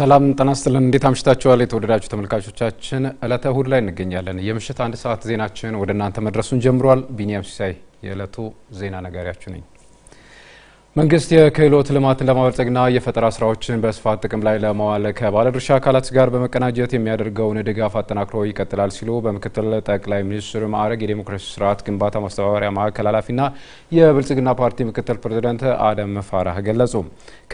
ሰላም ጤና ይስጥልን። እንዴት አምሽታችኋል? የተወደዳችሁ ተመልካቾቻችን እለተ እሁድ ላይ እንገኛለን። የምሽት አንድ ሰዓት ዜናችን ወደ እናንተ መድረሱን ጀምሯል። ቢኒያም ሲሳይ የእለቱ ዜና ነጋሪያችሁ ነኝ። መንግስት የክህሎት ልማትን ለማበልጸግና የፈጠራ ስራዎችን በስፋት ጥቅም ላይ ለማዋል ከባለድርሻ አካላት ጋር በመቀናጀት የሚያደርገውን ድጋፍ አጠናክሮ ይቀጥላል ሲሉ በምክትል ጠቅላይ ሚኒስትር ማዕረግ የዴሞክራሲ ስርዓት ግንባታ ማስተባበሪያ ማዕከል ኃላፊና የብልጽግና ፓርቲ ምክትል ፕሬዚደንት አደም ፋራህ ገለጹ።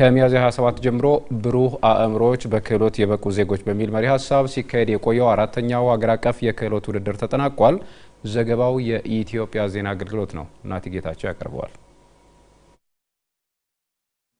ከሚያዝያ 27 ጀምሮ ብሩህ አእምሮች በክህሎት የበቁ ዜጎች በሚል መሪ ሀሳብ ሲካሄድ የቆየው አራተኛው ሀገር አቀፍ የክህሎት ውድድር ተጠናቋል። ዘገባው የኢትዮጵያ ዜና አገልግሎት ነው። እናቲ ጌታቸው ያቀርበዋል።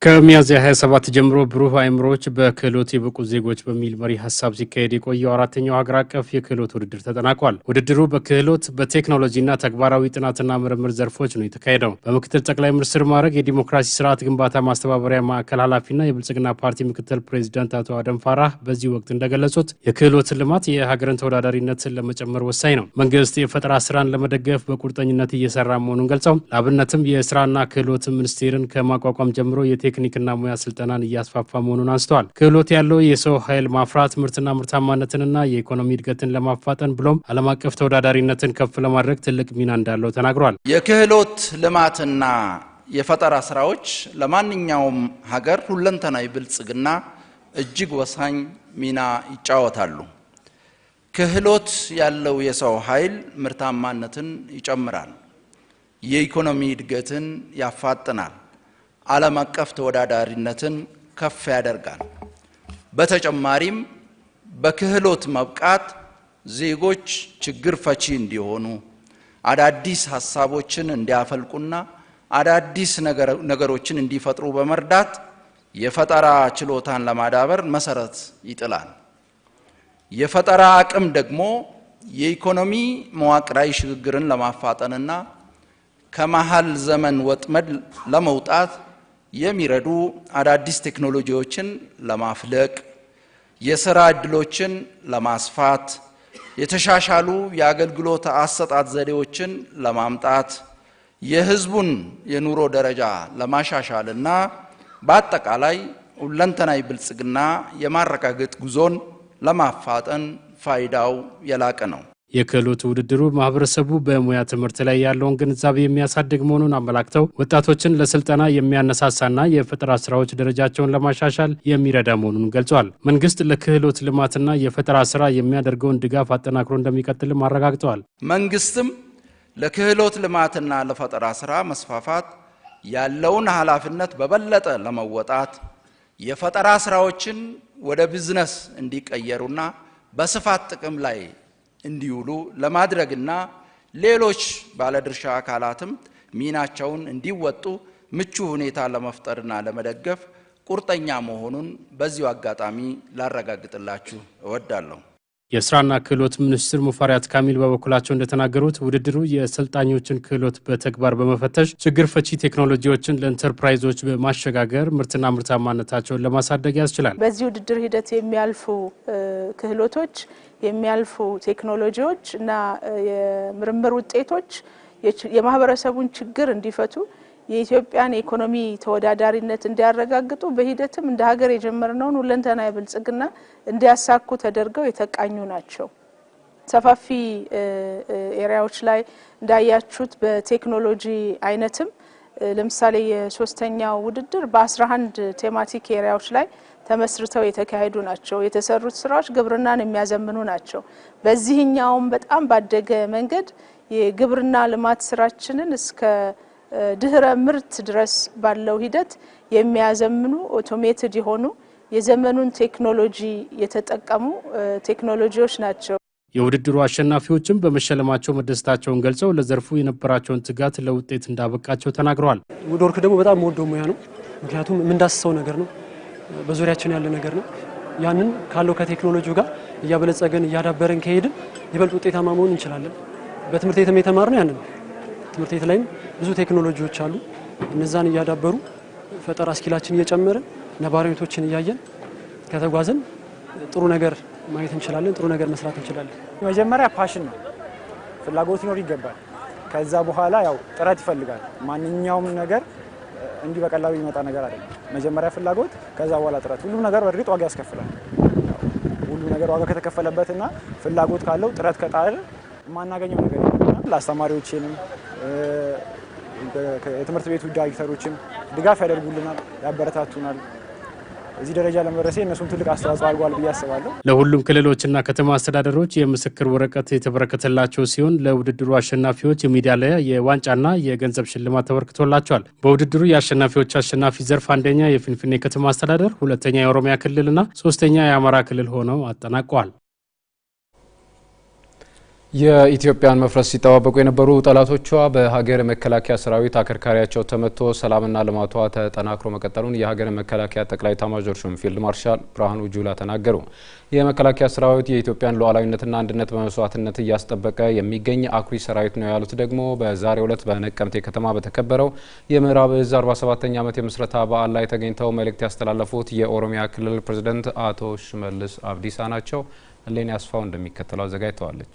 ከሚያዝያ 27 ጀምሮ ብሩህ አእምሮዎች በክህሎት የበቁ ዜጎች በሚል መሪ ሀሳብ ሲካሄድ የቆየው አራተኛው ሀገር አቀፍ የክህሎት ውድድር ተጠናቋል። ውድድሩ በክህሎት በቴክኖሎጂና ተግባራዊ ጥናትና ምርምር ዘርፎች ነው የተካሄደው። በምክትል ጠቅላይ ሚኒስትር ማዕረግ የዲሞክራሲ ስርዓት ግንባታ ማስተባበሪያ ማዕከል ኃላፊና የብልጽግና ፓርቲ ምክትል ፕሬዚዳንት አቶ አደም ፋራህ በዚህ ወቅት እንደገለጹት የክህሎት ልማት የሀገርን ተወዳዳሪነት ለመጨመር ወሳኝ ነው። መንግስት የፈጠራ ስራን ለመደገፍ በቁርጠኝነት እየሰራ መሆኑን ገልጸው ለአብነትም የስራና ክህሎት ሚኒስቴርን ከማቋቋም ጀምሮ የቴክ ቴክኒክና ሙያ ስልጠናን እያስፋፋ መሆኑን አንስተዋል። ክህሎት ያለው የሰው ኃይል ማፍራት ምርትና ምርታማነትንና የኢኮኖሚ እድገትን ለማፋጠን ብሎም ዓለም አቀፍ ተወዳዳሪነትን ከፍ ለማድረግ ትልቅ ሚና እንዳለው ተናግሯል። የክህሎት ልማትና የፈጠራ ስራዎች ለማንኛውም ሀገር ሁለንተናዊ ብልጽግና እጅግ ወሳኝ ሚና ይጫወታሉ። ክህሎት ያለው የሰው ኃይል ምርታማነትን ይጨምራል፣ የኢኮኖሚ እድገትን ያፋጥናል። ዓለም አቀፍ ተወዳዳሪነትን ከፍ ያደርጋል። በተጨማሪም በክህሎት መብቃት ዜጎች ችግር ፈቺ እንዲሆኑ አዳዲስ ሀሳቦችን እንዲያፈልቁና አዳዲስ ነገሮችን እንዲፈጥሩ በመርዳት የፈጠራ ችሎታን ለማዳበር መሰረት ይጥላል። የፈጠራ አቅም ደግሞ የኢኮኖሚ መዋቅራዊ ሽግግርን ለማፋጠንና ከመሀል ዘመን ወጥመድ ለመውጣት የሚረዱ አዳዲስ ቴክኖሎጂዎችን ለማፍለቅ፣ የስራ ዕድሎችን ለማስፋት፣ የተሻሻሉ የአገልግሎት አሰጣጥ ዘዴዎችን ለማምጣት፣ የህዝቡን የኑሮ ደረጃ ለማሻሻል እና በአጠቃላይ ሁለንተናዊ ብልጽግና የማረጋገጥ ጉዞን ለማፋጠን ፋይዳው የላቀ ነው። የክህሎት ውድድሩ ማህበረሰቡ በሙያ ትምህርት ላይ ያለውን ግንዛቤ የሚያሳድግ መሆኑን አመላክተው ወጣቶችን ለስልጠና የሚያነሳሳና የፈጠራ ስራዎች ደረጃቸውን ለማሻሻል የሚረዳ መሆኑን ገልጿል። መንግስት ለክህሎት ልማትና የፈጠራ ስራ የሚያደርገውን ድጋፍ አጠናክሮ እንደሚቀጥልም አረጋግጠዋል። መንግስትም ለክህሎት ልማትና ለፈጠራ ስራ መስፋፋት ያለውን ኃላፊነት በበለጠ ለመወጣት የፈጠራ ስራዎችን ወደ ቢዝነስ እንዲቀየሩና በስፋት ጥቅም ላይ እንዲውሉ ለማድረግና ሌሎች ባለድርሻ አካላትም ሚናቸውን እንዲወጡ ምቹ ሁኔታ ለመፍጠርና ለመደገፍ ቁርጠኛ መሆኑን በዚሁ አጋጣሚ ላረጋግጥላችሁ እወዳለሁ። የስራና ክህሎት ሚኒስትር ሙፈሪያት ካሚል በበኩላቸው እንደተናገሩት ውድድሩ የአሰልጣኞችን ክህሎት በተግባር በመፈተሽ ችግር ፈቺ ቴክኖሎጂዎችን ለኢንተርፕራይዞች በማሸጋገር ምርትና ምርታማነታቸውን ለማሳደግ ያስችላል። በዚህ ውድድር ሂደት የሚያልፉ ክህሎቶች የሚያልፉ ቴክኖሎጂዎች እና የምርምር ውጤቶች የማህበረሰቡን ችግር እንዲፈቱ የኢትዮጵያን የኢኮኖሚ ተወዳዳሪነት እንዲያረጋግጡ በሂደትም እንደ ሀገር የጀመርነውን ሁለንተና የብልጽግና እንዲያሳኩ ተደርገው የተቃኙ ናቸው። ሰፋፊ ኤሪያዎች ላይ እንዳያችሁት በቴክኖሎጂ አይነትም ለምሳሌ የሶስተኛው ውድድር በ11 ቴማቲክ ኤሪያዎች ላይ ተመስርተው የተካሄዱ ናቸው። የተሰሩት ስራዎች ግብርናን የሚያዘምኑ ናቸው። በዚህኛውም በጣም ባደገ መንገድ የግብርና ልማት ስራችንን እስከ ድህረ ምርት ድረስ ባለው ሂደት የሚያዘምኑ ኦቶሜትድ የሆኑ የዘመኑን ቴክኖሎጂ የተጠቀሙ ቴክኖሎጂዎች ናቸው። የውድድሩ አሸናፊዎችም በመሸለማቸው መደሰታቸውን ገልጸው ለዘርፉ የነበራቸውን ትጋት ለውጤት እንዳበቃቸው ተናግረዋል። ወደ ወርክ ደግሞ በጣም ወዶ ሙያ ነው። ምክንያቱም የምንዳስሰው ነገር ነው በዙሪያችን ያለ ነገር ነው። ያንን ካለው ከቴክኖሎጂው ጋር እያበለጸገን እያዳበረን ከሄድን ይበልጥ ውጤታማ መሆን እንችላለን። በትምህርት ቤትም የተማርነው ያንን ትምህርት ቤት ላይም ብዙ ቴክኖሎጂዎች አሉ። እነዛን እያዳበሩ ፈጠራ እስኪላችን እየጨመረ ነባራዊ ሁኔታዎችን እያየን ከተጓዝን ጥሩ ነገር ማየት እንችላለን። ጥሩ ነገር መስራት እንችላለን። መጀመሪያ ፓሽን ነው፣ ፍላጎት ሊኖር ይገባል። ከዛ በኋላ ያው ጥረት ይፈልጋል ማንኛውም ነገር እንዲህ በቀላሉ የሚመጣ ነገር አይደለም። መጀመሪያ ፍላጎት፣ ከዛ በኋላ ጥረት። ሁሉም ነገር በእርግጥ ዋጋ ያስከፍላል። ሁሉም ነገር ዋጋ ከተከፈለበትና ፍላጎት ካለው ጥረት ከጣል የማናገኘው ነገር ለአስተማሪዎችንም የትምህርት ቤቱ ዳይሬክተሮችም ድጋፍ ያደርጉልናል፣ ያበረታቱናል። እዚህ ደረጃ ለመድረሴ እነሱም ትልቅ አስተዋጽኦ አድርጓል ብዬ አስባለሁ። ለሁሉም ክልሎችና ከተማ አስተዳደሮች የምስክር ወረቀት የተበረከተላቸው ሲሆን ለውድድሩ አሸናፊዎች የሜዳሊያ የዋንጫና የገንዘብ ሽልማት ተበርክቶላቸዋል። በውድድሩ የአሸናፊዎች አሸናፊ ዘርፍ አንደኛ የፍንፍኔ ከተማ አስተዳደር፣ ሁለተኛ የኦሮሚያ ክልልና ሶስተኛ የአማራ ክልል ሆነው አጠናቀዋል። የኢትዮጵያን መፍረስ ሲጠባበቁ የነበሩ ጠላቶቿ በሀገር መከላከያ ሰራዊት አከርካሪያቸው ተመቶ ሰላምና ልማቷ ተጠናክሮ መቀጠሉን የሀገር መከላከያ ጠቅላይ ኤታማዦር ሹም ፊልድ ማርሻል ብርሃኑ ጁላ ተናገሩ። የመከላከያ ሰራዊት የኢትዮጵያን ሉዓላዊነትና አንድነት በመስዋዕትነት እያስጠበቀ የሚገኝ አኩሪ ሰራዊት ነው ያሉት ደግሞ በዛሬው ዕለት በነቀምቴ ከተማ በተከበረው የምዕራብ እዝ 47ኛ ዓመት የምስረታ በዓል ላይ ተገኝተው መልእክት ያስተላለፉት የኦሮሚያ ክልል ፕሬዚደንት አቶ ሽመልስ አብዲሳ ናቸው። እሌኒ አስፋው እንደሚከተለው አዘጋጅተዋለች።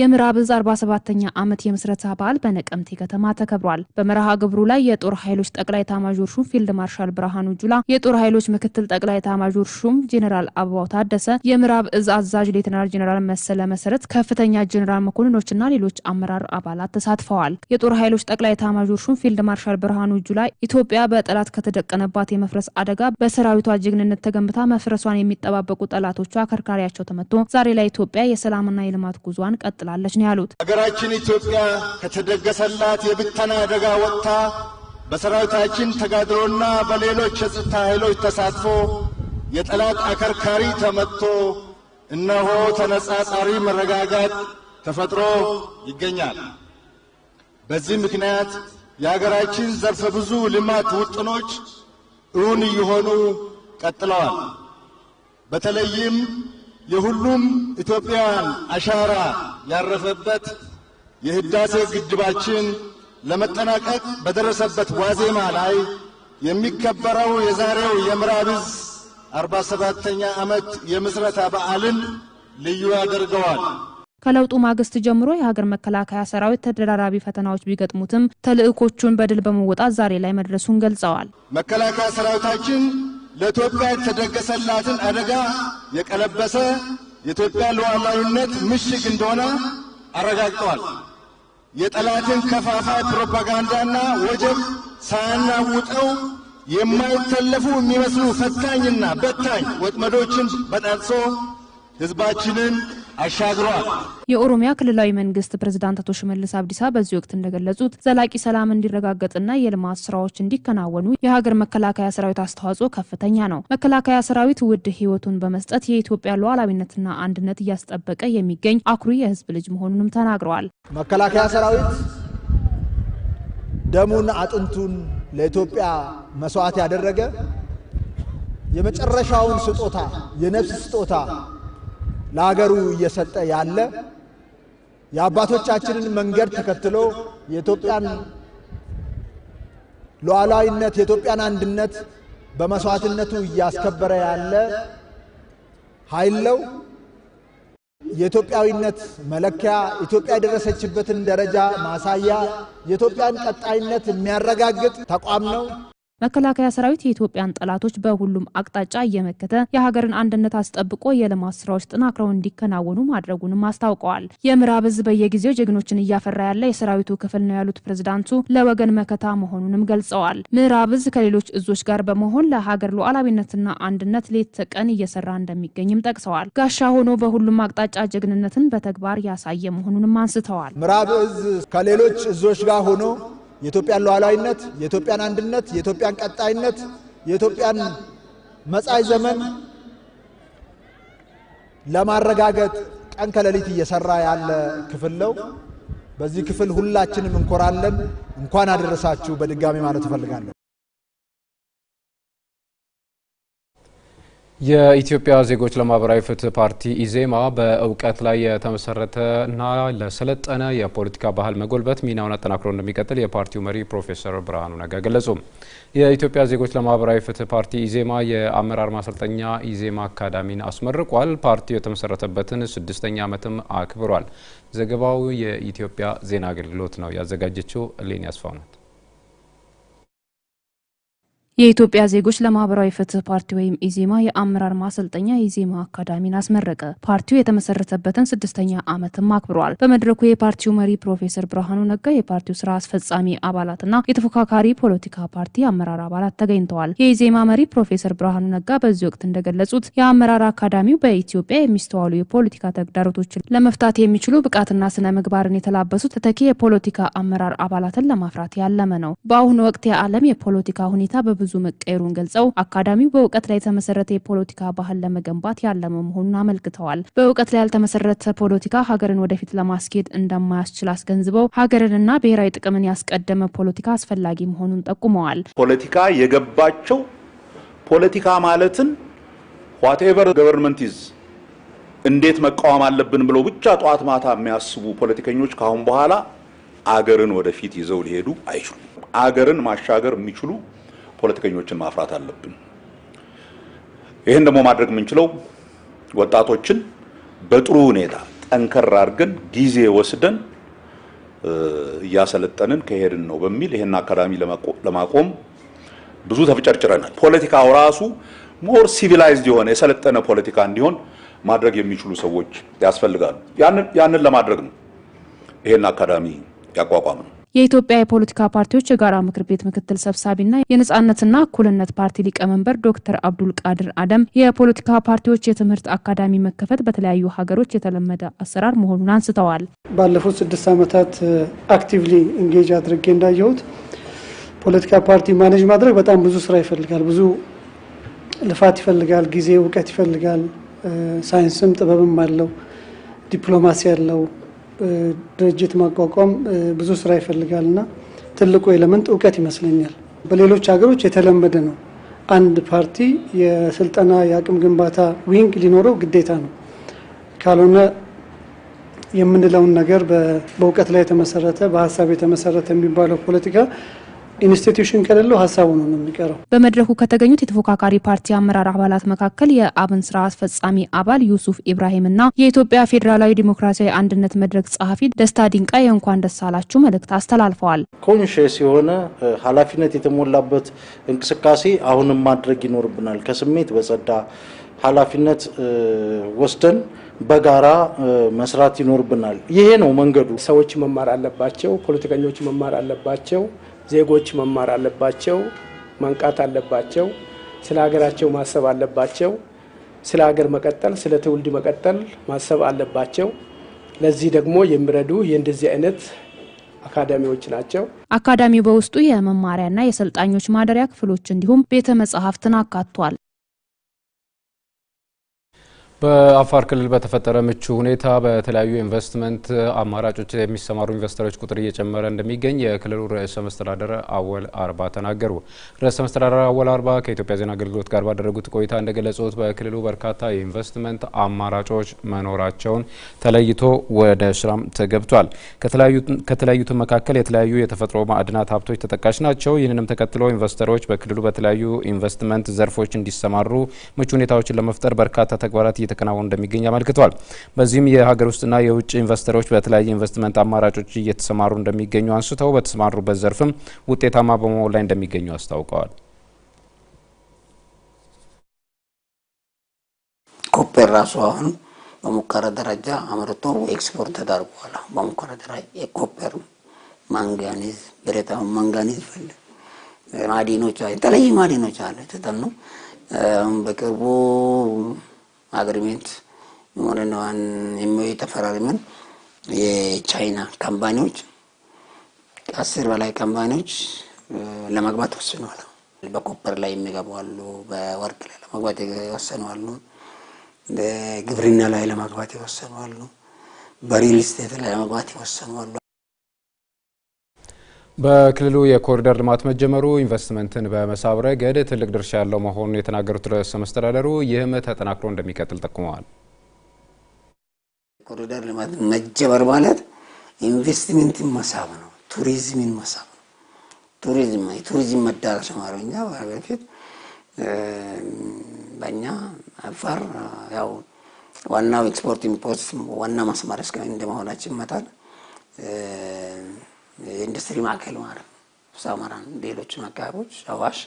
የምዕራብ እዝ 47ኛ ዓመት የምስረታ በዓል በነቀምቴ ከተማ ተከብሯል። በመርሃ ግብሩ ላይ የጦር ኃይሎች ጠቅላይ ታማዦር ሹም ፊልድ ማርሻል ብርሃኑ ጁላ፣ የጦር ኃይሎች ምክትል ጠቅላይ ታማዦር ሹም ጄኔራል አበባው ታደሰ፣ የምዕራብ እዝ አዛዥ ሌተናል ጄኔራል መሰለ መሰረት፣ ከፍተኛ ጄኔራል መኮንኖችና ሌሎች አመራር አባላት ተሳትፈዋል። የጦር ኃይሎች ጠቅላይ ታማዦር ሹም ፊልድ ማርሻል ብርሃኑ ጁላ ኢትዮጵያ በጠላት ከተደቀነባት የመፍረስ አደጋ በሰራዊቷ ጀግንነት ተገንብታ መፍረሷን የሚጠባበቁ ጠላቶቿ ከርካሪያቸው ተመቶ ዛሬ ላይ ኢትዮጵያ የሰላምና የልማት ጉዞዋን ቀጥላል ትቀጥላለች ነው ያሉት። ሀገራችን ኢትዮጵያ ከተደገሰላት የብተና አደጋ ወጥታ በሰራዊታችን ተጋድሮና በሌሎች የጸጥታ ኃይሎች ተሳትፎ የጠላት አከርካሪ ተመትቶ እነሆ ተነጻጻሪ መረጋጋት ተፈጥሮ ይገኛል። በዚህ ምክንያት የሀገራችን ዘርፈ ብዙ ልማት ውጥኖች እውን እየሆኑ ቀጥለዋል። በተለይም የሁሉም ኢትዮጵያውያን አሻራ ያረፈበት የህዳሴ ግድባችን ለመጠናቀቅ በደረሰበት ዋዜማ ላይ የሚከበረው የዛሬው የምዕራብ ዕዝ 47ኛ ዓመት የምስረታ በዓልን ልዩ ያደርገዋል። ከለውጡ ማግስት ጀምሮ የሀገር መከላከያ ሰራዊት ተደራራቢ ፈተናዎች ቢገጥሙትም ተልዕኮቹን በድል በመወጣት ዛሬ ላይ መድረሱን ገልጸዋል። መከላከያ ሰራዊታችን ለኢትዮጵያ የተደገሰላትን አደጋ የቀለበሰ የኢትዮጵያ ሉዓላዊነት ምሽግ እንደሆነ አረጋግጠዋል። የጠላትን ከፋፋይ ፕሮፓጋንዳና ወጀብ ሳያናውጠው የማይተለፉ የሚመስሉ ፈታኝና በታኝ ወጥመዶችን በጣጥሶ ህዝባችንን አሻግሯል። የኦሮሚያ ክልላዊ መንግስት ፕሬዝዳንት አቶ ሽመልስ አብዲሳ በዚህ ወቅት እንደገለጹት ዘላቂ ሰላም እንዲረጋገጥና የልማት ስራዎች እንዲከናወኑ የሀገር መከላከያ ሰራዊት አስተዋጽኦ ከፍተኛ ነው። መከላከያ ሰራዊት ውድ ህይወቱን በመስጠት የኢትዮጵያ ሉዓላዊነትና አንድነት እያስጠበቀ የሚገኝ አኩሪ የህዝብ ልጅ መሆኑንም ተናግረዋል። መከላከያ ሰራዊት ደሙን አጥንቱን ለኢትዮጵያ መስዋዕት ያደረገ የመጨረሻውን ስጦታ የነፍስ ስጦታ ለሀገሩ እየሰጠ ያለ የአባቶቻችንን መንገድ ተከትሎ የኢትዮጵያን ሉዓላዊነት የኢትዮጵያን አንድነት በመስዋዕትነቱ እያስከበረ ያለ ኃይል ነው። የኢትዮጵያዊነት መለኪያ፣ ኢትዮጵያ የደረሰችበትን ደረጃ ማሳያ፣ የኢትዮጵያን ቀጣይነት የሚያረጋግጥ ተቋም ነው። መከላከያ ሰራዊት የኢትዮጵያን ጠላቶች በሁሉም አቅጣጫ እየመከተ የሀገርን አንድነት አስጠብቆ የልማት ስራዎች ጥናክረው እንዲከናወኑ ማድረጉንም አስታውቀዋል። የምዕራብ እዝ በየጊዜው ጀግኖችን እያፈራ ያለ የሰራዊቱ ክፍል ነው ያሉት ፕሬዝዳንቱ ለወገን መከታ መሆኑንም ገልጸዋል። ምዕራብ እዝ ከሌሎች እዞች ጋር በመሆን ለሀገር ሉዓላዊነትና አንድነት ሌት ተቀን እየሰራ እንደሚገኝም ጠቅሰዋል። ጋሻ ሆኖ በሁሉም አቅጣጫ ጀግንነትን በተግባር ያሳየ መሆኑንም አንስተዋል። ምዕራብ እዝ ከሌሎች እዞች ጋር ሆኖ የኢትዮጵያን ሉዓላዊነት፣ የኢትዮጵያን አንድነት፣ የኢትዮጵያን ቀጣይነት፣ የኢትዮጵያን መጻይ ዘመን ለማረጋገጥ ቀን ከሌሊት እየሰራ ያለ ክፍል ነው። በዚህ ክፍል ሁላችንም እንኮራለን። እንኳን አደረሳችሁ በድጋሚ ማለት እፈልጋለሁ። የኢትዮጵያ ዜጎች ለማህበራዊ ፍትህ ፓርቲ ኢዜማ በእውቀት ላይ የተመሰረተና ለሰለጠነ የፖለቲካ ባህል መጎልበት ሚናውን አጠናክሮ እንደሚቀጥል የፓርቲው መሪ ፕሮፌሰር ብርሃኑ ነጋ ገለጹ። የኢትዮጵያ ዜጎች ለማህበራዊ ፍትህ ፓርቲ ኢዜማ የአመራር ማሰልጠኛ ኢዜማ አካዳሚን አስመርቋል። ፓርቲው የተመሰረተበትን ስድስተኛ ዓመትም አክብሯል። ዘገባው የኢትዮጵያ ዜና አገልግሎት ነው ያዘጋጀችው። ሌን ያስፋውናት የኢትዮጵያ ዜጎች ለማህበራዊ ፍትህ ፓርቲ ወይም ኢዜማ የአመራር ማሰልጠኛ የኢዜማ አካዳሚን አስመረቀ። ፓርቲው የተመሰረተበትን ስድስተኛ ዓመትም አክብሯል። በመድረኩ የፓርቲው መሪ ፕሮፌሰር ብርሃኑ ነጋ፣ የፓርቲው ስራ አስፈጻሚ አባላትና የተፎካካሪ ፖለቲካ ፓርቲ አመራር አባላት ተገኝተዋል። የኢዜማ መሪ ፕሮፌሰር ብርሃኑ ነጋ በዚህ ወቅት እንደገለጹት የአመራር አካዳሚው በኢትዮጵያ የሚስተዋሉ የፖለቲካ ተግዳሮቶችን ለመፍታት የሚችሉ ብቃትና ስነ ምግባርን የተላበሱ ተተኪ የፖለቲካ አመራር አባላትን ለማፍራት ያለመ ነው። በአሁኑ ወቅት የዓለም የፖለቲካ ሁኔታ በብዙ ብዙ መቀየሩን ገልጸው አካዳሚው በእውቀት ላይ የተመሰረተ የፖለቲካ ባህል ለመገንባት ያለመ መሆኑን አመልክተዋል። በእውቀት ላይ ያልተመሰረተ ፖለቲካ ሀገርን ወደፊት ለማስኬድ እንደማያስችል አስገንዝበው ሀገርንና ብሔራዊ ጥቅምን ያስቀደመ ፖለቲካ አስፈላጊ መሆኑን ጠቁመዋል። ፖለቲካ የገባቸው ፖለቲካ ማለትን ዋቴቨር ገቨርንመንት ይዝ እንዴት መቃወም አለብን ብለው ብቻ ጠዋት ማታ የሚያስቡ ፖለቲከኞች ከአሁን በኋላ አገርን ወደፊት ይዘው ሊሄዱ አይችሉም። አገርን ማሻገር የሚችሉ ፖለቲከኞችን ማፍራት አለብን። ይህን ደግሞ ማድረግ የምንችለው ወጣቶችን በጥሩ ሁኔታ ጠንከር አድርገን ጊዜ ወስደን እያሰለጠንን ከሄድን ነው በሚል ይሄን አካዳሚ ለማቆም ብዙ ተፍጨርጭረናል። ፖለቲካው ራሱ ሞር ሲቪላይዝድ የሆነ የሰለጠነ ፖለቲካ እንዲሆን ማድረግ የሚችሉ ሰዎች ያስፈልጋሉ። ያንን ለማድረግ ነው ይሄን አካዳሚ ያቋቋም ነው። የኢትዮጵያ የፖለቲካ ፓርቲዎች የጋራ ምክር ቤት ምክትል ሰብሳቢና የነጻነትና እኩልነት ፓርቲ ሊቀመንበር ዶክተር አብዱል ቃድር አደም የፖለቲካ ፓርቲዎች የትምህርት አካዳሚ መከፈት በተለያዩ ሀገሮች የተለመደ አሰራር መሆኑን አንስተዋል። ባለፉት ስድስት ዓመታት አክቲቭሊ እንጌጅ አድርጌ እንዳየሁት ፖለቲካ ፓርቲ ማኔጅ ማድረግ በጣም ብዙ ስራ ይፈልጋል። ብዙ ልፋት ይፈልጋል። ጊዜ፣ እውቀት ይፈልጋል። ሳይንስም ጥበብም አለው። ዲፕሎማሲ አለው። ድርጅት ማቋቋም ብዙ ስራ ይፈልጋል እና ትልቁ ኤለመንት እውቀት ይመስለኛል። በሌሎች ሀገሮች የተለመደ ነው። አንድ ፓርቲ የስልጠና የአቅም ግንባታ ዊንግ ሊኖረው ግዴታ ነው። ካልሆነ የምንለውን ነገር በእውቀት ላይ የተመሰረተ በሀሳብ የተመሰረተ የሚባለው ፖለቲካ ኢንስቲትዩሽን ከሌለው ሀሳቡ ነው የሚቀረው። በመድረኩ ከተገኙት የተፎካካሪ ፓርቲ አመራር አባላት መካከል የአብን ስራ አስፈጻሚ አባል ዩሱፍ ኢብራሂምና የኢትዮጵያ ፌዴራላዊ ዲሞክራሲያዊ አንድነት መድረክ ጸሐፊ ደስታ ድንቃ የእንኳን ደስ አላችሁ መልእክት አስተላልፈዋል። ኮንሽስ የሆነ ኃላፊነት የተሞላበት እንቅስቃሴ አሁንም ማድረግ ይኖርብናል። ከስሜት በጸዳ ኃላፊነት ወስደን በጋራ መስራት ይኖርብናል። ይሄ ነው መንገዱ። ሰዎች መማር አለባቸው። ፖለቲከኞች መማር አለባቸው። ዜጎች መማር አለባቸው፣ መንቃት አለባቸው፣ ስለ ሀገራቸው ማሰብ አለባቸው፣ ስለ ሀገር መቀጠል፣ ስለ ትውልድ መቀጠል ማሰብ አለባቸው። ለዚህ ደግሞ የሚረዱ የእንደዚህ አይነት አካዳሚዎች ናቸው። አካዳሚው በውስጡ የመማሪያና የሰልጣኞች ማደሪያ ክፍሎች እንዲሁም ቤተ መጽሐፍትን አካቷል። በአፋር ክልል በተፈጠረ ምቹ ሁኔታ በተለያዩ ኢንቨስትመንት አማራጮች የሚሰማሩ ኢንቨስተሮች ቁጥር እየጨመረ እንደሚገኝ የክልሉ ርዕሰ መስተዳደር አወል አርባ ተናገሩ። ርዕሰ መስተዳደር አወል አርባ ከኢትዮጵያ ዜና አገልግሎት ጋር ባደረጉት ቆይታ እንደገለጹት በክልሉ በርካታ የኢንቨስትመንት አማራጮች መኖራቸውን ተለይቶ ወደ ስራም ተገብቷል። ከተለያዩት መካከል የተለያዩ የተፈጥሮ ማዕድናት ሀብቶች ተጠቃሽ ናቸው። ይህንንም ተከትሎ ኢንቨስተሮች በክልሉ በተለያዩ ኢንቨስትመንት ዘርፎች እንዲሰማሩ ምቹ ሁኔታዎችን ለመፍጠር በርካታ ተግባራት እየተከናወኑ እንደሚገኝ አመልክቷል። በዚህም የሀገር ውስጥና የውጭ ኢንቨስተሮች በተለያየ ኢንቨስትመንት አማራጮች እየተሰማሩ እንደሚገኙ አንስተው በተሰማሩበት ዘርፍም ውጤታማ በመሆን ላይ እንደሚገኙ አስታውቀዋል። ኮፐር ራሱ አሁን በሙከራ ደረጃ አምርቶ ኤክስፖርት ተዳርጓል። በሙከራ ደረጃ የኮፔር ማንጋኒዝ ብረታ ማንጋኒዝ ይፈልግ ማዲኖች የተለያዩ ማዲኖች አለ ተጠኑ በቅርቡ አግሪሜንት የሆነን የሚወይ ተፈራርመን የቻይና ካምፓኒዎች ከአስር በላይ ካምፓኒዎች ለመግባት ወስነዋል። በኮፐር ላይ የሚገቡ አሉ፣ በወርቅ ላይ ለመግባት የወሰኑ አሉ፣ ግብርና ላይ ለመግባት የወሰኑ አሉ፣ በሪል ስቴት ላይ ለመግባት የወሰኑ አሉ። በክልሉ የኮሪደር ልማት መጀመሩ ኢንቨስትመንትን በመሳብ ረገድ ትልቅ ድርሻ ያለው መሆኑን የተናገሩት ርዕሰ መስተዳደሩ ይህም ተጠናክሮ እንደሚቀጥል ጠቁመዋል። የኮሪደር ልማት መጀመር ማለት ኢንቨስትመንትን መሳብ ነው፣ ቱሪዝምን መሳብ ነው። ቱሪዝም የቱሪዝም መዳረሻ ማድረግ እኛ በፊት በእኛ አፋር ያው ዋናው ኤክስፖርት ኢምፖርት ዋና ማስማሪያ እንደመሆናችን መጣል የኢንዱስትሪ ማዕከል ማለት ነው። ሳማራን ሌሎችም አካባቢዎች አዋሽ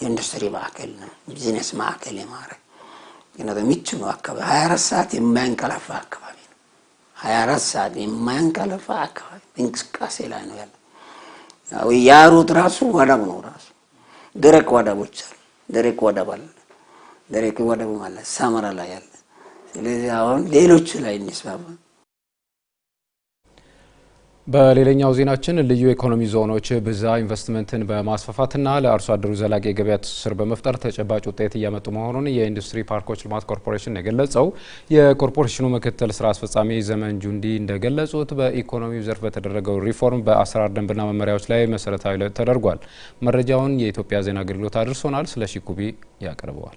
የኢንዱስትሪ ማዕከል ነው፣ ቢዝነስ ማዕከል የማድረግ ምቹ ነው። አካባቢ ሀያ አራት ሰዓት የማያንቀላፋ አካባቢ ነው። ሀያ አራት ሰዓት የማያንቀላፋ አካባቢ እንቅስቃሴ ላይ ነው ያለ። ያሩት ራሱ ወደብ ነው። ራሱ ደረቅ ወደቦች አሉ። ደረቅ ወደብ አለ። ደረቅ ወደብ አለ ሳማራ ላይ ያለ። ስለዚህ አሁን ሌሎቹ ላይ እንስማማ በሌላኛው ዜናችን ልዩ ኢኮኖሚ ዞኖች ብዛ ኢንቨስትመንትን በማስፋፋትና ለአርሶ አደሩ ዘላቂ የገበያ ትስስር በመፍጠር ተጨባጭ ውጤት እያመጡ መሆኑን የኢንዱስትሪ ፓርኮች ልማት ኮርፖሬሽን የገለጸው። የኮርፖሬሽኑ ምክትል ስራ አስፈጻሚ ዘመን ጁንዲ እንደገለጹት በኢኮኖሚው ዘርፍ በተደረገው ሪፎርም በአሰራር ደንብና መመሪያዎች ላይ መሰረታዊ ለውጥ ተደርጓል። መረጃውን የኢትዮጵያ ዜና አገልግሎት አድርሶናል። ስለ ሺኩቢ ያቀርበዋል።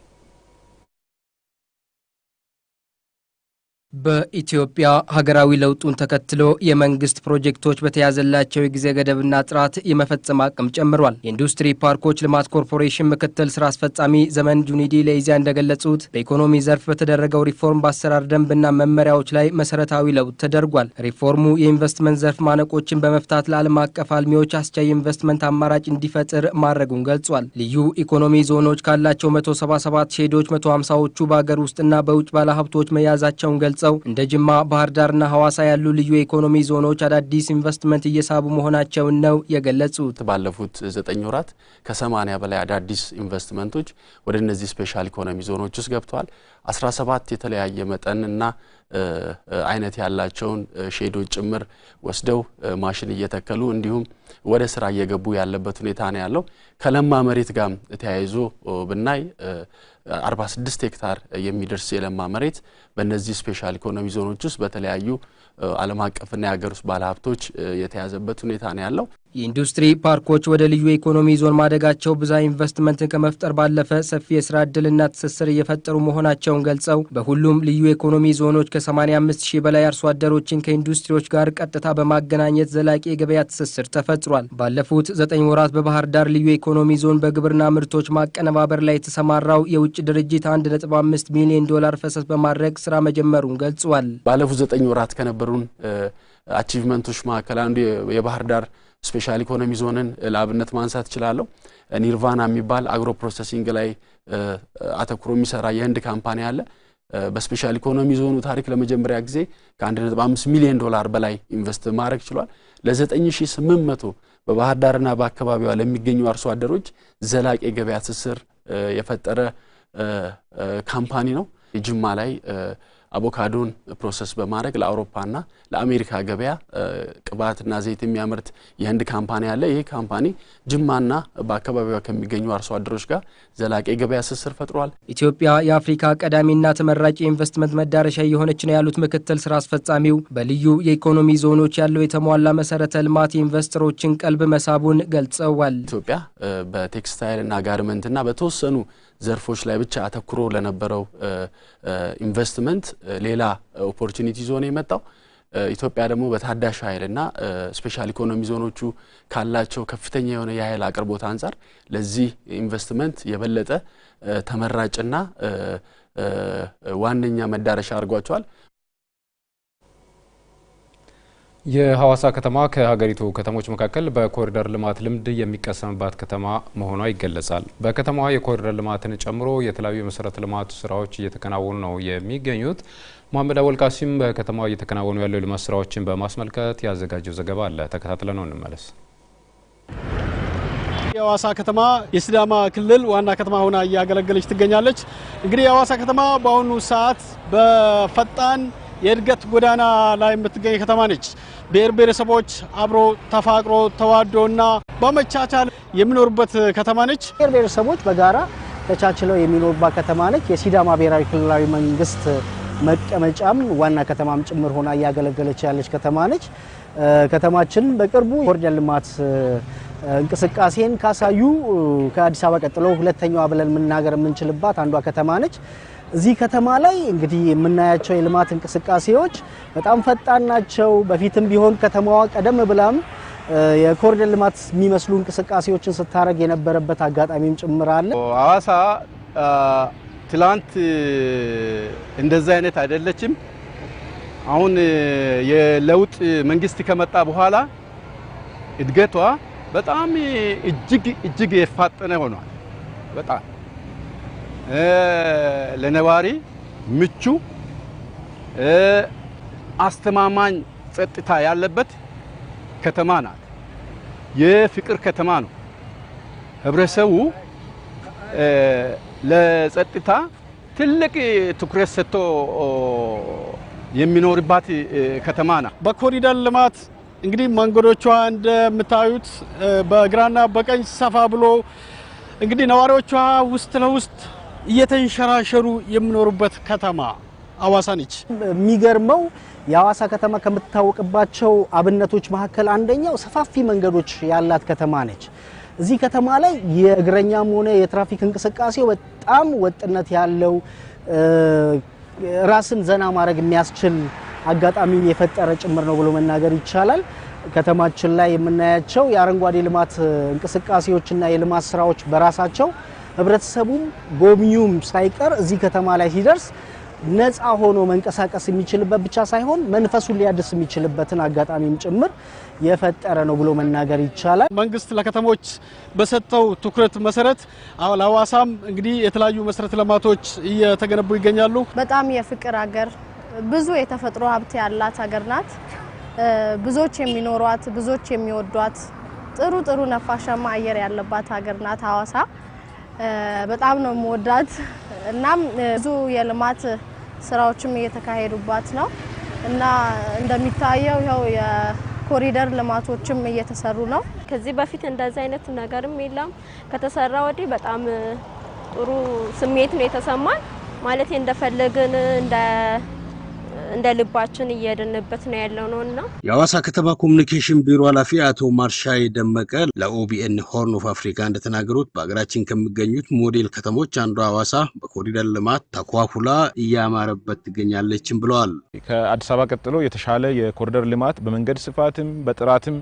በኢትዮጵያ ሀገራዊ ለውጡን ተከትሎ የመንግስት ፕሮጀክቶች በተያዘላቸው የጊዜ ገደብና ጥራት የመፈጸም አቅም ጨምሯል። የኢንዱስትሪ ፓርኮች ልማት ኮርፖሬሽን ምክትል ስራ አስፈጻሚ ዘመን ጁኒዲ ለኢዜአ እንደገለጹት በኢኮኖሚ ዘርፍ በተደረገው ሪፎርም በአሰራር ደንብና መመሪያዎች ላይ መሰረታዊ ለውጥ ተደርጓል። ሪፎርሙ የኢንቨስትመንት ዘርፍ ማነቆችን በመፍታት ለዓለም አቀፍ አልሚዎች አስቻይ ኢንቨስትመንት አማራጭ እንዲፈጥር ማድረጉን ገልጿል። ልዩ ኢኮኖሚ ዞኖች ካላቸው 177 ሼዶች 150ዎቹ በአገር ውስጥና በውጭ ባለሀብቶች መያዛቸውን ገልጿል። ገልጸው እንደ ጅማ፣ ባህር ዳርና ሐዋሳ ያሉ ልዩ የኢኮኖሚ ዞኖች አዳዲስ ኢንቨስትመንት እየሳቡ መሆናቸውን ነው የገለጹት። ባለፉት ዘጠኝ ወራት ከሰማኒያ በላይ አዳዲስ ኢንቨስትመንቶች ወደ እነዚህ ስፔሻል ኢኮኖሚ ዞኖች ውስጥ ገብተዋል። 17 የተለያየ መጠን እና አይነት ያላቸውን ሼዶች ጭምር ወስደው ማሽን እየተከሉ እንዲሁም ወደ ስራ እየገቡ ያለበት ሁኔታ ነው ያለው። ከለማ መሬት ጋር ተያይዞ ብናይ 46 ሄክታር የሚደርስ የለማ መሬት በእነዚህ ስፔሻል ኢኮኖሚ ዞኖች ውስጥ በተለያዩ ዓለም አቀፍና የሀገር ውስጥ ባለሀብቶች የተያዘበት ሁኔታ ነው ያለው። የኢንዱስትሪ ፓርኮች ወደ ልዩ የኢኮኖሚ ዞን ማደጋቸው ብዛ ኢንቨስትመንትን ከመፍጠር ባለፈ ሰፊ የስራ እድልና ትስስር እየፈጠሩ መሆናቸው መሆናቸውን ገልጸው በሁሉም ልዩ ኢኮኖሚ ዞኖች ከ85 ሺህ በላይ አርሶ አደሮችን ከኢንዱስትሪዎች ጋር ቀጥታ በማገናኘት ዘላቂ የገበያ ትስስር ተፈጥሯል። ባለፉት ዘጠኝ ወራት በባህር ዳር ልዩ ኢኮኖሚ ዞን በግብርና ምርቶች ማቀነባበር ላይ የተሰማራው የውጭ ድርጅት 1.5 ሚሊዮን ዶላር ፈሰስ በማድረግ ስራ መጀመሩን ገልጿል። ባለፉት ዘጠኝ ወራት ከነበሩን አቺቭመንቶች መካከል አንዱ የባህር ዳር ስፔሻል ኢኮኖሚ ዞንን ለአብነት ማንሳት እችላለሁ። ኒርቫና የሚባል አግሮ ፕሮሰሲንግ ላይ አተኩሮ የሚሰራ የህንድ ካምፓኒ አለ። በስፔሻል ኢኮኖሚ ዞኑ ታሪክ ለመጀመሪያ ጊዜ ከ1.5 ሚሊዮን ዶላር በላይ ኢንቨስት ማድረግ ችሏል። ለ9800 በባህር ዳርና በአካባቢዋ ለሚገኙ አርሶ አደሮች ዘላቂ የገበያ ትስስር የፈጠረ ካምፓኒ ነው። ጅማ ላይ አቮካዶን ፕሮሰስ በማድረግ ለአውሮፓና ለአሜሪካ ገበያ ቅባትና ዘይት የሚያመርት የህንድ ካምፓኒ አለ። ይህ ካምፓኒ ጅማና በአካባቢዋ ከሚገኙ አርሶ አደሮች ጋር ዘላቂ የገበያ ስስር ፈጥሯል። ኢትዮጵያ የአፍሪካ ቀዳሚና ተመራቂ የኢንቨስትመንት መዳረሻ የሆነች ነው ያሉት ምክትል ስራ አስፈጻሚው በልዩ የኢኮኖሚ ዞኖች ያለው የተሟላ መሰረተ ልማት የኢንቨስተሮችን ቀልብ መሳቡን ገልጸዋል። ኢትዮጵያ በቴክስታይልና ጋርመንትና በተወሰኑ ዘርፎች ላይ ብቻ አተኩሮ ለነበረው ኢንቨስትመንት ሌላ ኦፖርቹኒቲ ዞን የመጣው ኢትዮጵያ ደግሞ በታዳሽ ኃይልና ስፔሻል ኢኮኖሚ ዞኖቹ ካላቸው ከፍተኛ የሆነ የኃይል አቅርቦት አንጻር ለዚህ ኢንቨስትመንት የበለጠ ተመራጭና ዋነኛ መዳረሻ አድርጓቸዋል። የሐዋሳ ከተማ ከሀገሪቱ ከተሞች መካከል በኮሪደር ልማት ልምድ የሚቀሰምባት ከተማ መሆኗ ይገለጻል። በከተማዋ የኮሪደር ልማትን ጨምሮ የተለያዩ የመሰረተ ልማት ስራዎች እየተከናወኑ ነው የሚገኙት። መሐመድ አወልቃሲም በከተማዋ እየተከናወኑ ያለው የልማት ስራዎችን በማስመልከት ያዘጋጀው ዘገባ አለ። ተከታትለ ነው እንመለስ። የሐዋሳ ከተማ የሲዳማ ክልል ዋና ከተማ ሆና እያገለገለች ትገኛለች። እንግዲህ የሐዋሳ ከተማ በአሁኑ ሰዓት በፈጣን የእድገት ጎዳና ላይ የምትገኝ ከተማ ነች። ብሔር ብሔረሰቦች አብሮ ተፋቅሮ ተዋዶና በመቻቻል የሚኖሩበት ከተማ ነች። ብሔር ብሔረሰቦች በጋራ ተቻችለው የሚኖሩባት ከተማ ነች። የሲዳማ ብሔራዊ ክልላዊ መንግስት መቀመጫም ዋና ከተማም ጭምር ሆና እያገለገለች ያለች ከተማ ነች። ከተማችን በቅርቡ የኮሪደር ልማት እንቅስቃሴን ካሳዩ ከአዲስ አበባ ቀጥሎ ሁለተኛዋ ብለን መናገር የምንችልባት አንዷ ከተማ ነች። እዚህ ከተማ ላይ እንግዲህ የምናያቸው የልማት እንቅስቃሴዎች በጣም ፈጣን ናቸው። በፊትም ቢሆን ከተማዋ ቀደም ብላም የኮሪደር ልማት የሚመስሉ እንቅስቃሴዎችን ስታደርግ የነበረበት አጋጣሚም ጭምር አለ። ሀዋሳ ትላንት እንደዛ አይነት አይደለችም። አሁን የለውጥ መንግስት ከመጣ በኋላ እድገቷ በጣም እጅግ እጅግ የፋጠነ ሆኗል። በጣም ለነዋሪ ምቹ አስተማማኝ ጸጥታ ያለበት ከተማ ናት። የፍቅር ከተማ ነው። ህብረተሰቡ ለጸጥታ ትልቅ ትኩረት ሰጥቶ የሚኖርባት ከተማ ናት። በኮሪደር ልማት እንግዲህ መንገዶቿ እንደምታዩት በግራና በቀኝ ሰፋ ብሎ እንግዲህ ነዋሪዎቿ ውስጥ ለውስጥ እየተንሸራሸሩ የሚኖሩበት ከተማ አዋሳ ነች። የሚገርመው የአዋሳ ከተማ ከምትታወቅባቸው አብነቶች መካከል አንደኛው ሰፋፊ መንገዶች ያላት ከተማ ነች። እዚህ ከተማ ላይ የእግረኛም ሆነ የትራፊክ እንቅስቃሴ በጣም ወጥነት ያለው ራስን ዘና ማድረግ የሚያስችል አጋጣሚን የፈጠረ ጭምር ነው ብሎ መናገር ይቻላል። ከተማችን ላይ የምናያቸው የአረንጓዴ ልማት እንቅስቃሴዎችና የልማት ስራዎች በራሳቸው ህብረተሰቡም ጎብኚውም ሳይቀር እዚህ ከተማ ላይ ሲደርስ ነፃ ሆኖ መንቀሳቀስ የሚችልበት ብቻ ሳይሆን መንፈሱን ሊያድስ የሚችልበትን አጋጣሚም ጭምር የፈጠረ ነው ብሎ መናገር ይቻላል። መንግስት ለከተሞች በሰጠው ትኩረት መሰረት ለሀዋሳም እንግዲህ የተለያዩ መሰረተ ልማቶች እየተገነቡ ይገኛሉ። በጣም የፍቅር ሀገር፣ ብዙ የተፈጥሮ ሀብት ያላት ሀገር ናት። ብዙዎች የሚኖሯት፣ ብዙዎች የሚወዷት፣ ጥሩ ጥሩ ነፋሻማ አየር ያለባት ሀገር ናት ሀዋሳ። በጣም ነው የምወዳት። እናም ብዙ የልማት ስራዎችም እየተካሄዱባት ነው እና እንደሚታየው ይኸው የኮሪደር ልማቶችም እየተሰሩ ነው። ከዚህ በፊት እንደዚህ አይነት ነገርም የለም። ከተሰራ ወዲህ በጣም ጥሩ ስሜት ነው የተሰማን። ማለት እንደፈለግን እንደ እንደ ልባችን እየድንበት ነው ያለው ነው እና የአዋሳ ከተማ ኮሚኒኬሽን ቢሮ ኃላፊ አቶ ማርሻይ ደመቀ ለኦቢኤን ሆርን ኦፍ አፍሪካ እንደተናገሩት በሀገራችን ከሚገኙት ሞዴል ከተሞች አንዱ አዋሳ በኮሪደር ልማት ተኳኩላ እያማረበት ትገኛለችም ብለዋል። ከአዲስ አበባ ቀጥሎ የተሻለ የኮሪደር ልማት በመንገድ ስፋትም በጥራትም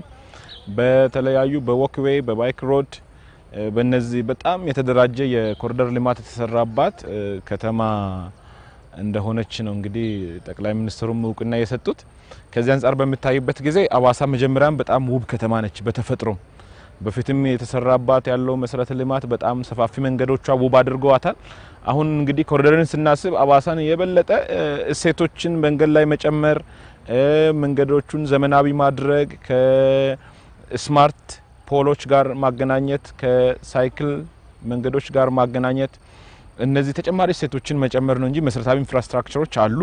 በተለያዩ በወክዌይ በባይክ ሮድ በነዚህ በጣም የተደራጀ የኮሪደር ልማት የተሰራባት ከተማ እንደሆነች ነው እንግዲህ ጠቅላይ ሚኒስትሩም እውቅና የሰጡት። ከዚህ አንጻር በምታይበት ጊዜ አዋሳ መጀመሪያም በጣም ውብ ከተማ ነች። በተፈጥሮም በፊትም የተሰራባት ያለው መሰረተ ልማት በጣም ሰፋፊ መንገዶቿ ውብ አድርገዋታል። አሁን እንግዲህ ኮሪደርን ስናስብ አዋሳን የበለጠ እሴቶችን መንገድ ላይ መጨመር፣ መንገዶቹን ዘመናዊ ማድረግ፣ ከስማርት ፖሎች ጋር ማገናኘት፣ ከሳይክል መንገዶች ጋር ማገናኘት እነዚህ ተጨማሪ ሴቶችን መጨመር ነው እንጂ መሰረታዊ ኢንፍራስትራክቸሮች አሉ።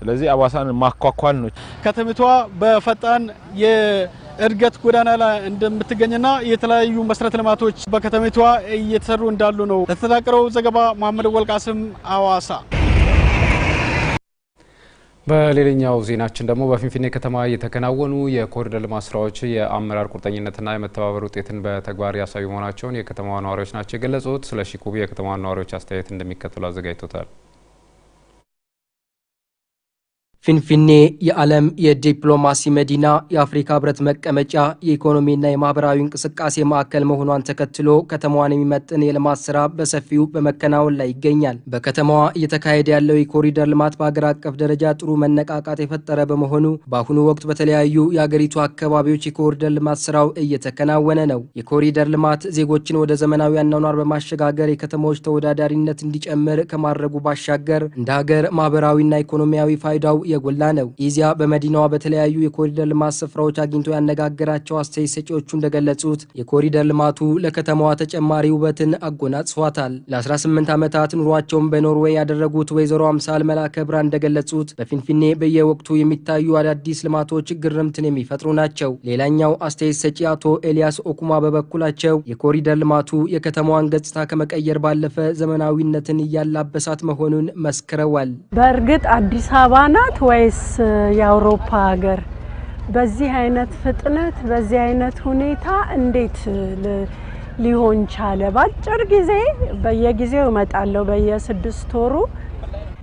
ስለዚህ አዋሳን ማኳኳል ነው። ከተማዋ በፈጣን የእድገት ጎዳና ላይ እንደምትገኝና የተለያዩ መሰረተ ልማቶች በከተማዋ እየተሰሩ እንዳሉ ነው። ለተጠናቀረው ዘገባ መሐመድ ወልቃስም አዋሳ በሌላኛው ዜናችን ደግሞ በፊንፊኔ ከተማ የተከናወኑ የኮሪደር ልማት ስራዎች የአመራር ቁርጠኝነትና የመተባበር ውጤትን በተግባር ያሳዩ መሆናቸውን የከተማዋ ነዋሪዎች ናቸው የገለጹት። ስለ ሺኩቢ የከተማዋ ነዋሪዎች አስተያየት እንደሚከተሉ አዘጋጅቶታል። ፊንፊኔ የዓለም የዲፕሎማሲ መዲና የአፍሪካ ህብረት መቀመጫ የኢኮኖሚና የማህበራዊ እንቅስቃሴ ማዕከል መሆኗን ተከትሎ ከተማዋን የሚመጥን የልማት ስራ በሰፊው በመከናወን ላይ ይገኛል። በከተማዋ እየተካሄደ ያለው የኮሪደር ልማት በሀገር አቀፍ ደረጃ ጥሩ መነቃቃት የፈጠረ በመሆኑ በአሁኑ ወቅት በተለያዩ የአገሪቱ አካባቢዎች የኮሪደር ልማት ስራው እየተከናወነ ነው። የኮሪደር ልማት ዜጎችን ወደ ዘመናዊ አኗኗር በማሸጋገር የከተሞች ተወዳዳሪነት እንዲጨምር ከማድረጉ ባሻገር እንደ ሀገር ማህበራዊና ኢኮኖሚያዊ ፋይዳው የጎላ ነው። ኢዚያ በመዲናዋ በተለያዩ የኮሪደር ልማት ስፍራዎች አግኝቶ ያነጋገራቸው አስተያየት ሰጪዎቹ እንደገለጹት የኮሪደር ልማቱ ለከተማዋ ተጨማሪ ውበትን አጎናጽፏታል። ለ18 ዓመታት ኑሯቸውን በኖርዌይ ያደረጉት ወይዘሮ አምሳል መላከ ብራ እንደገለጹት በፊንፊኔ በየወቅቱ የሚታዩ አዳዲስ ልማቶች ግርምትን የሚፈጥሩ ናቸው። ሌላኛው አስተያየት ሰጪ አቶ ኤልያስ ኦኩማ በበኩላቸው የኮሪደር ልማቱ የከተማዋን ገጽታ ከመቀየር ባለፈ ዘመናዊነትን እያላበሳት መሆኑን መስክረዋል። በእርግጥ አዲስ አበባ ናት ወይስ uh, የአውሮፓ ሀገር በዚህ አይነት ፍጥነት በዚህ አይነት ሁኔታ እንዴት ሊሆን ቻለ? በአጭር ጊዜ በየጊዜው እመጣለሁ፣ በየስድስት ወሩ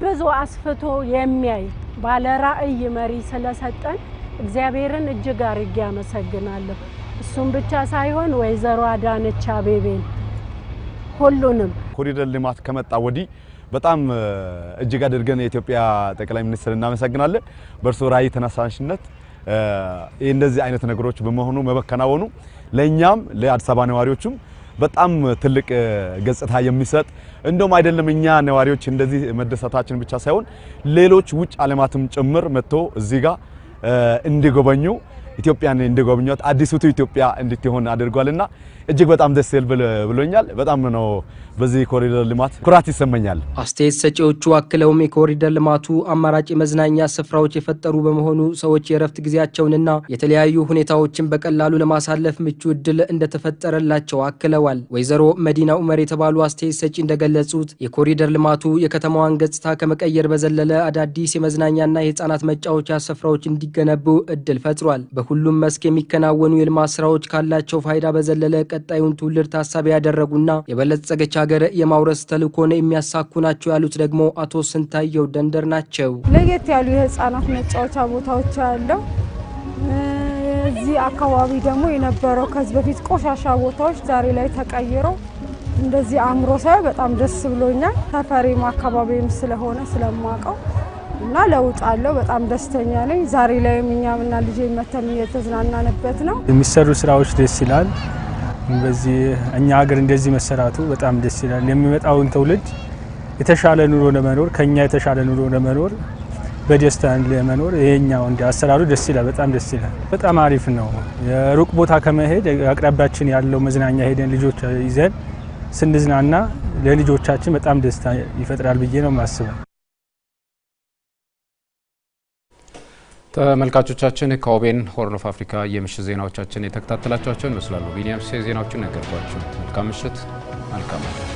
ብዙ አስፍቶ የሚያይ ባለ ራዕይ መሪ ስለሰጠን እግዚአብሔርን እጅግ አርጌ አመሰግናለሁ። እሱም ብቻ ሳይሆን ወይዘሮ አዳነች አቤቤን ሁሉንም ኮሪደር ልማት ከመጣ ወዲህ በጣም እጅግ አድርገን የኢትዮጵያ ጠቅላይ ሚኒስትር እናመሰግናለን። በእርስዎ ራዕይ ተነሳሽነት እንደዚህ አይነት ነገሮች በመሆኑ በመከናወኑ ለእኛም ለአዲስ አበባ ነዋሪዎችም በጣም ትልቅ ገጽታ የሚሰጥ እንደውም አይደለም እኛ ነዋሪዎች እንደዚህ መደሰታችን ብቻ ሳይሆን ሌሎች ውጭ ዓለማትም ጭምር መጥቶ እዚህ ጋር እንዲጎበኙ ኢትዮጵያን እንዲጎበኟት አዲሲቱ ኢትዮጵያ እንድትሆን አድርጓልና እጅግ በጣም ደስ ይል ብሎኛል። በጣም ነው በዚህ ኮሪደር ልማት ኩራት ይሰመኛል። አስተያየት ሰጪዎቹ አክለውም የኮሪደር ልማቱ አማራጭ የመዝናኛ ስፍራዎች የፈጠሩ በመሆኑ ሰዎች የእረፍት ጊዜያቸውንና የተለያዩ ሁኔታዎችን በቀላሉ ለማሳለፍ ምቹ እድል እንደተፈጠረላቸው አክለዋል። ወይዘሮ መዲና ኡመር የተባሉ አስተያየት ሰጪ እንደገለጹት የኮሪደር ልማቱ የከተማዋን ገጽታ ከመቀየር በዘለለ አዳዲስ የመዝናኛና የህፃናት መጫወቻ ስፍራዎች እንዲገነቡ እድል ፈጥሯል። በሁሉም መስክ የሚከናወኑ የልማት ስራዎች ካላቸው ፋይዳ በዘለለ ቀጣዩን ትውልድ ታሳቢ ያደረጉና የበለጸገች ሀገር የማውረስ ተልእኮን የሚያሳኩ ናቸው ያሉት ደግሞ አቶ ስንታየው ደንደር ናቸው። ለየት ያሉ የህፃናት መጫወቻ ቦታዎች ያለው እዚህ አካባቢ ደግሞ የነበረው ከዚህ በፊት ቆሻሻ ቦታዎች ዛሬ ላይ ተቀይረው እንደዚህ አእምሮ ሳይ በጣም ደስ ብሎኛል። ተፈሪም አካባቢም ስለሆነ ስለማውቀው እና ለውጥ አለው። በጣም ደስተኛ ነኝ። ዛሬ ላይም እኛም ልጄ መተን እየተዝናናንበት ነው። የሚሰሩ ስራዎች ደስ ይላል። በዚህ እኛ ሀገር እንደዚህ መሰራቱ በጣም ደስ ይላል። የሚመጣውን ትውልድ የተሻለ ኑሮ ለመኖር ከኛ የተሻለ ኑሮ ለመኖር በደስታ ለመኖር ይሄኛው እንደ አሰራሩ ደስ ይላል። በጣም ደስ ይላል። በጣም አሪፍ ነው። የሩቅ ቦታ ከመሄድ አቅራቢያችን ያለው መዝናኛ ሄደን ልጆች ይዘን ስንዝናና ለልጆቻችን በጣም ደስታ ይፈጥራል ብዬ ነው የማስበው። ተመልካቾቻችን ከኦቤን ሆርን ኦፍ አፍሪካ የምሽት ዜናዎቻችን የተከታተላችኋቸውን ይመስላሉ። ቢኒያም ሴ ዜናዎቹን ያቀርባችሁ። መልካም ምሽት፣ መልካም